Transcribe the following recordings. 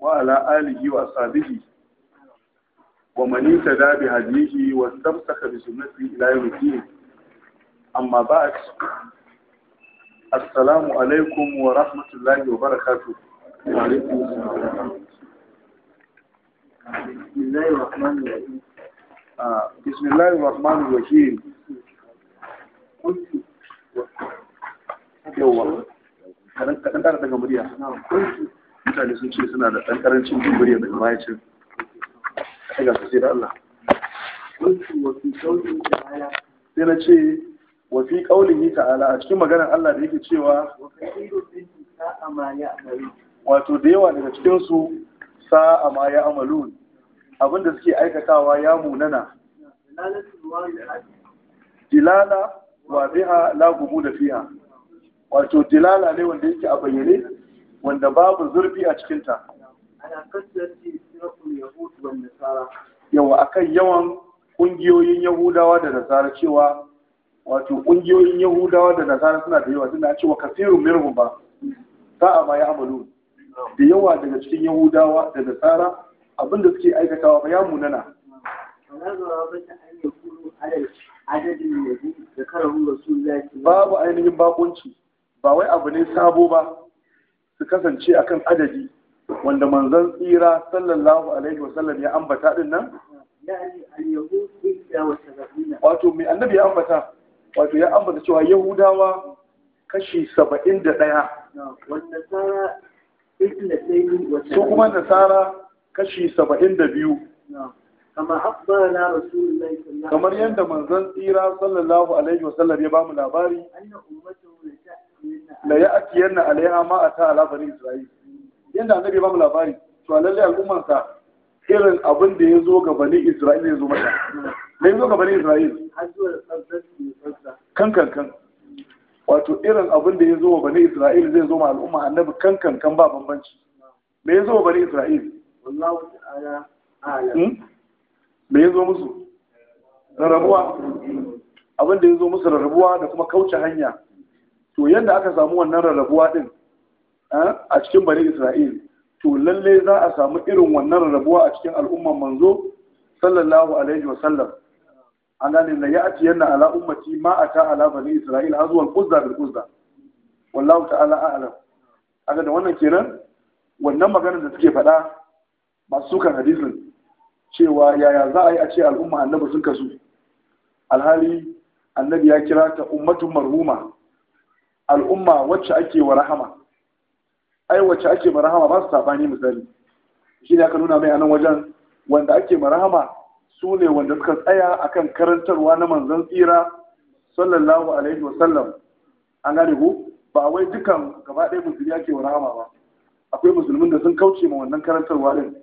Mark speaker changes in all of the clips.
Speaker 1: وعلى آله وصحبه
Speaker 2: ومن اهتدى بهديه
Speaker 1: واستمسك بسنته إلى يوم الدين أما بعد السلام عليكم ورحمة الله وبركاته وعليكم السلام بسم الله الرحمن الرحيم بسم الله الرحمن الرحيم يوم ƙara daga murya mutane sun ce suna da ɗan ƙarancin jin murya daga mayacin daga sosai da Allah sai na ce wa fi ƙaunin ta'ala a cikin maganar Allah da yake cewa wato da yawa daga cikinsu sa'a ma ya amalu abinda suke aikatawa ya munana dilala wa biha la gumu da fiha wato dilala ne wanda yake a bayyane wanda babu zurfi a cikinta yawa kan yawan ƙungiyoyin yahudawa da nasara cewa wato ƙungiyoyin yahudawa da nasara suna da yawa suna cewa kasirun mirhu ba za a ya amalu da yawa daga cikin yahudawa da nasara abinda suke aikatawa ba ya munana babu ainihin bakunci ba wai abu ne sabo ba su kasance akan adadi wanda manzon tsira sallallahu alaihi wasallam ya ambata din nan wato mai annabi ya ambata wato ya ambata cewa yahudawa kashi saba'in da ɗaya su kuma nasara kashi saba'in da biyu kamar yadda manzon tsira sallallahu alaihi wasallam ya bamu labari la ya'tiyanna alayya ma a ta bani isra'il yanda annabi ba mu labari to a lallai sa irin abin da ya zo ga bani isra'il ya zo mata da ya zo ga bani isra'il kan kan wato irin abin da ya zo wa bani isra'il zai zo ma al'umma annabi kan kan kan ba bambanci me ya zo wa bani isra'il hmm? me ya zo musu rarrabuwa abin da ya zo musu rarrabuwa da kuma kauce hanya to yadda aka samu wannan rarrabuwa din eh, a cikin bani isra'il to lalle za a samu irin wannan rarrabuwa a cikin al'umman manzo sallallahu alaihi wa sallam an gane ya ya'ti yanna ala ummati ma ta ala bani isra'il a al kuzza bil kuzza wallahu ta'ala a'lam aga da wannan kenan wannan maganar da suke faɗa masu sukan hadisin cewa yaya za a yi a ce al'umma annabi sun kasu alhali annabi ya kira ta ummatun marhuma al'umma wacce ake wa rahama ai wacce ake ma rahama ba su sabani misali shi ne aka nuna mai anan wajen wanda ake ma rahama su ne wanda suka tsaya akan karantarwa na manzon tsira sallallahu alaihi wa sallam an gane ku ba wai dukan gaba ɗaya musulmi ake wa rahama ba akwai musulmin da sun kauce ma wannan karantarwa din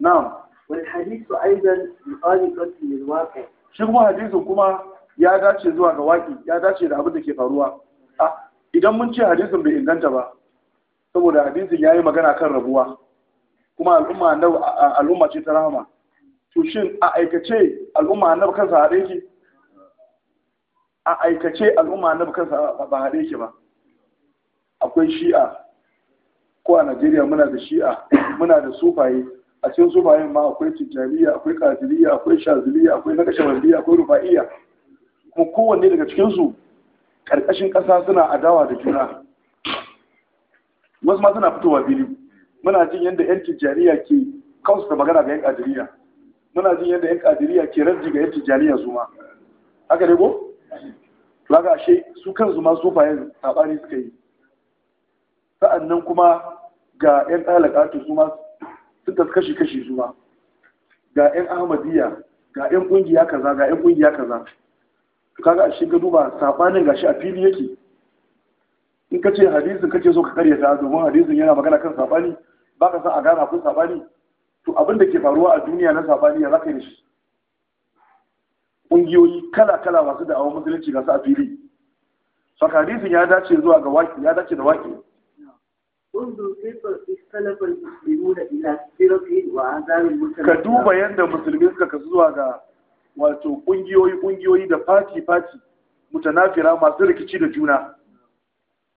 Speaker 1: na'am Aizan hadithu aidan yuqaliqatu lil waqi' shi kuma hadisu kuma ya dace zuwa ga waki ya dace da abin da ke faruwa idan mun ce hadisin bai inganta ba saboda hadisin ya yi magana kan rabuwa kuma al'umma annabi al'umma ce ta rahama to shin a aikace al'umma annabi kansa haɗe ki a aikace al'umma annabi kansa ba haɗe ki ba akwai shi'a ko a Najeriya muna da shi'a muna da sufaye a cikin sufayen ma akwai tijjaniya akwai kadiriya akwai shaziliya akwai nakashabandiya akwai rufa'iya. kuma kowanne daga cikinsu ƙarƙashin ƙasa suna adawa da juna wasu ma suna fitowa fili muna jin yadda 'yan tijjaniya ke kawo da magana ga 'yan ƙadiriya muna jin yadda 'yan ƙadiriya ke rajji ga 'yan tijjaniya su ma haka ne ko? Laga ashe su kansu ma sufayen saɓani suka yi sa'annan kuma ga 'yan ɗalakatu su ma suka kashi-kashi su ma ga 'yan ahmadiyya ga 'yan ƙungiya kaza ga 'yan ƙungiya kaza kaga shi ga duba sabanin gashi a fili yake in ka ce hadisin ka ce so ka karyata domin hadisin yana magana kan sabani ba ka san a gana kun sabani to abin da ke faruwa a duniya na sabani ya za ka yi shi ƙungiyoyi kala-kala masu da'awar musulunci ga a fili so hadisin ya dace zuwa ga waki ya dace da waki ka duba yadda musulmi suka kasu zuwa ga wato ƙungiyoyi-ƙungiyoyi da fati fati mutanafira masu rikici da juna